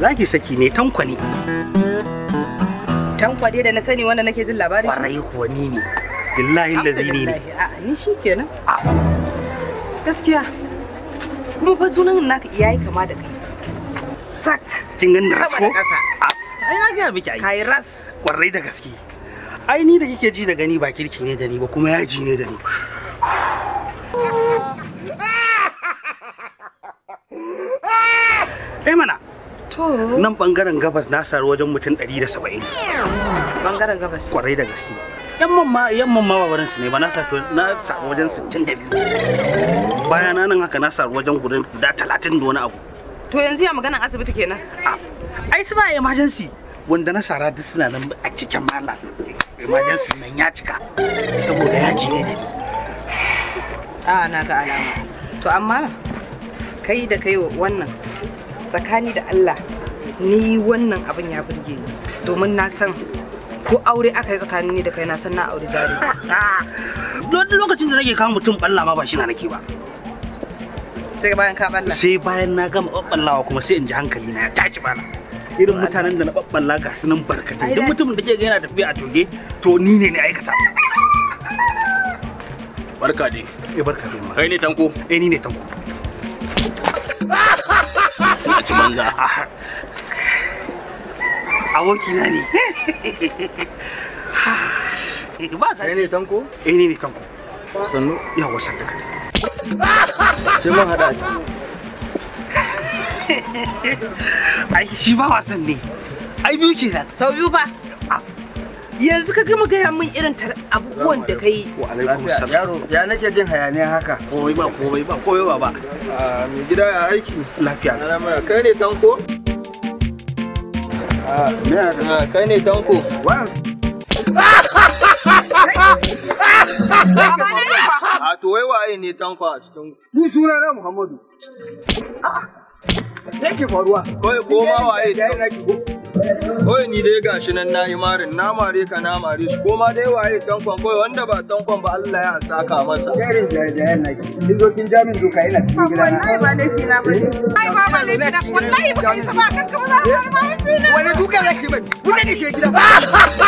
zaki saki ne tankwa ne tankwa dai da na sani wanda nake jin labari warai kuwa ni ne billahi lazini ne ni shi kenan gaskiya kuma fa sunan naka yayi kama da kai sak kin ganin ras ko ai na ga miki ai kai ras kwarai da gaske ai ni da kike ji da gani ba kirki ne da ni ba kuma yaji ne da ni Eh mana nan bangaren gabas na saru wajen mutum 170 bangaren gabas kwarai da gaske yamman ma yamman ma babarin su ne ba na saru na saru wajen 62 bayan nan haka na saru wajen gudun guda 30 da wani abu to yanzu ya maganan asibiti kenan ai suna emergency wanda na sara duk suna nan a cikin malam emergency nan ya cika saboda ya ji ne a ah, na ga alama to amma kai da kai wannan tsakani da Allah ni wannan abin ya burge ni domin na san ko aure aka yi tsakani ne da kai na san na aure jari duk lokacin da nake kawo mutum balla ma ba shi na nake ba sai bayan ka balla sai bayan na gama babballawa kuma sai in ji hankali na ya tashi bana irin mutanen da na babballa ga su nan barkatai duk mutumin da ke ga yana tafiya a toge to ni ne ne aikata barka dai eh barka dai kai ne tanko eh ni ne tanko ah! banza na ne ba ta ne tanko eh ne ne tanko sannu wasa da kai sai mun hada a ciki ai shi ba wasan ne ai biyu kenan sau biyu ba yanzu ka gama gaya min irin abubuwan da ka yi yaro ya nake jin hayaniya haka komai ba komai ba komai ba ba mai gida ya aiki lafiya kai ne tanko kai ne tanko a to wai waye ne tanko a cikin ni suna na muhammadu go, go, go, ko go, go, go, go, go Oi, ni dai gashi nan nayi marin na mare ka na mare shi koma dai waye tankon kawai wanda ba tankon ba Allah ya saka masa. Jarin jarin na ki. Dizokin jamin duka ina cikin gida. Wallahi ba laifi na bane. Eh? Ai ba ba laifi wallahi ba kai ba kan za ba. Wani duka ba ke gida. Ah!